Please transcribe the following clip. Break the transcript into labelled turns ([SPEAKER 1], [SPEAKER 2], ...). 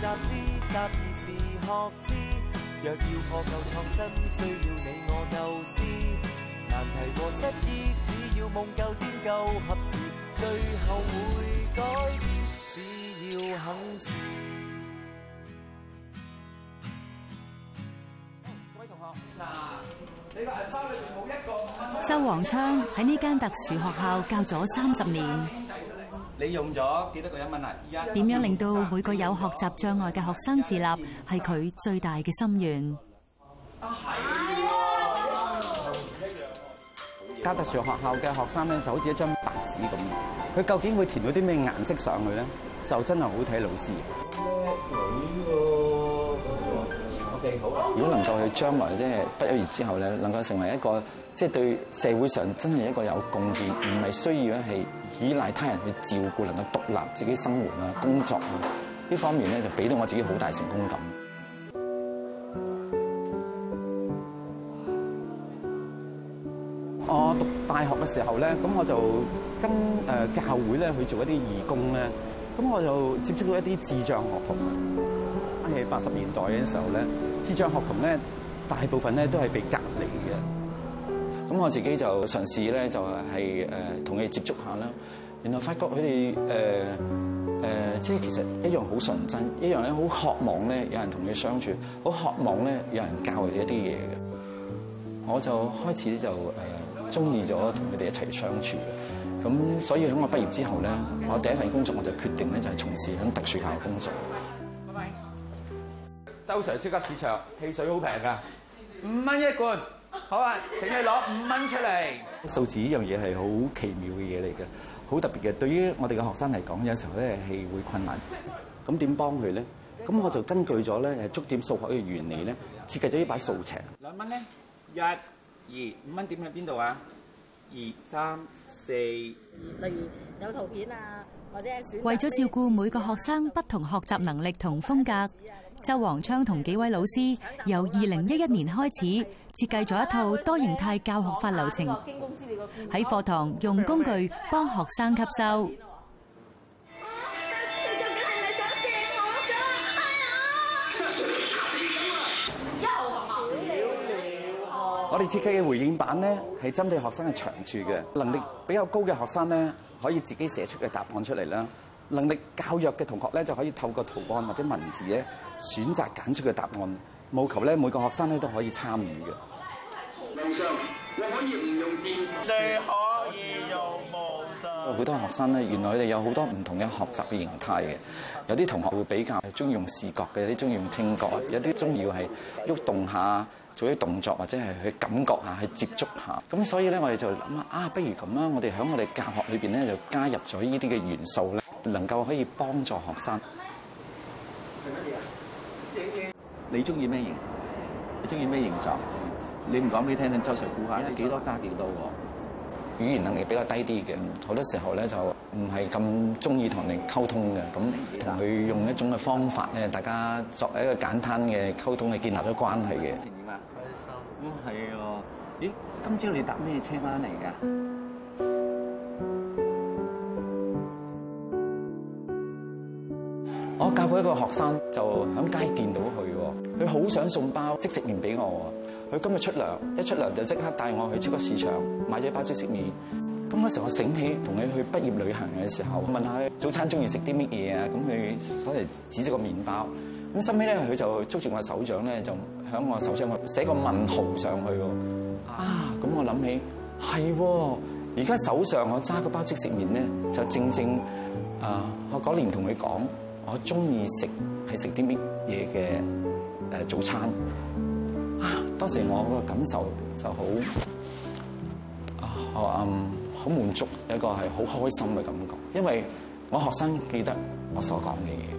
[SPEAKER 1] 周璜錩喺呢間特殊學校教咗三十年。你用咗幾多個一蚊啊？點樣令到每個有學習障礙嘅學生自立係佢最大嘅心願？啊係、啊、唔一樣喎，好嘢。加特殊學校嘅學生咧，就好似一張白紙咁。佢究竟會填到啲咩顏色上去咧？就真係好睇老師。啊嗯嗯如果能夠去將來即係畢咗業之後咧，能夠成為一個即係、就是、對社會上真係一個有貢獻，唔係需要咧係依賴他人去照顧，能夠獨立自己生活啊、工作啊呢方面咧，就俾到我自己好大成功感。嗯、我讀大學嘅時候咧，咁我就跟誒、呃、教會咧去做一啲義工咧。咁我就接觸到一啲智障學童。喺八十年代嘅時候咧，智障學童咧大部分咧都係被隔離嘅。咁我自己就嘗試咧就係誒同佢哋接觸一下啦。然後發覺佢哋誒誒即係其實一樣好純真，一樣咧好渴望咧有人同佢哋相處，好渴望咧有人教佢哋一啲嘢嘅。我就開始就誒，呃中意咗同佢哋一齊相處嘅，咁所以喺我畢業之後咧，我第一份工作我就決定咧就係從事喺特殊學校工作。拜拜。周 Sir 超級市場汽水好平㗎，五蚊一罐。好啊，請你攞五蚊出嚟。數字呢樣嘢係好奇妙嘅嘢嚟嘅，好特別嘅。對於我哋嘅學生嚟講，有時候咧係會困難。咁點幫佢咧？咁我就根據咗咧觸點數學嘅原理咧，設計咗呢把數尺。兩蚊咧，一。二五蚊點喺邊度啊？二三四五。例如有圖片啊，或者係。為咗照顧每個學生不同學習能力同風格，周璜錩同幾位老師由二零一一年開始設計咗一套多形態教學法流程，喺課堂用工具幫學生吸收。我哋設計嘅回應版咧，係針對學生嘅長處嘅。能力比較高嘅學生咧，可以自己寫出嘅答案出嚟啦。能力較弱嘅同學咧，就可以透過圖案或者文字咧，選擇揀出嘅答案。務求咧，每個學生咧都可以參與嘅。都係圖上可以字，好多學生咧，原來佢哋有好多唔同嘅學習嘅形態嘅。有啲同學會比較中意用視覺嘅；有啲中意用聽覺；有啲中意要係喐動，動一下，做啲動作，或者係去感覺一下，去接觸一下。咁所以咧，我哋就諗下：啊，不如咁啦，我哋喺我哋教學裏邊咧，就加入咗呢啲嘅元素咧，能夠可以幫助學生。你中意咩型？你中意咩形狀？你唔講俾聽，等周 Sir 估下，幾多加幾多喎？語言能力比較低啲嘅，好多時候咧就唔係咁中意同人溝通嘅，咁同佢用一種嘅方法咧，大家作為一個簡單嘅溝通，係建立咗關係嘅。點啊、嗯？開、嗯、心，咁係啊！咦、嗯，今朝你搭咩車翻嚟㗎？嗯嗯嗯嗯嗯我教過一個學生，就喺街見到佢，佢好想送包即食麵俾我。佢今日出糧，一出糧就即刻帶我去超級市場買咗一包即食麵。咁嗰時我醒起同佢去畢業旅行嘅時候，問下佢早餐鍾意食啲乜嘢啊。咁佢攞嚟指咗個麵包。咁收尾咧，佢就捉住我手掌咧，就喺我手掌去寫個問號上去喎。啊！咁我諗起係而家手上我揸個包即食麵咧，就正正啊、呃！我嗰年同佢講。我中意，食係食啲乜嘢嘅誒早餐啊！當時我個感受就好啊好啊，好滿足，有一個係好開心嘅感覺，因為我學生記得我所講嘅嘢。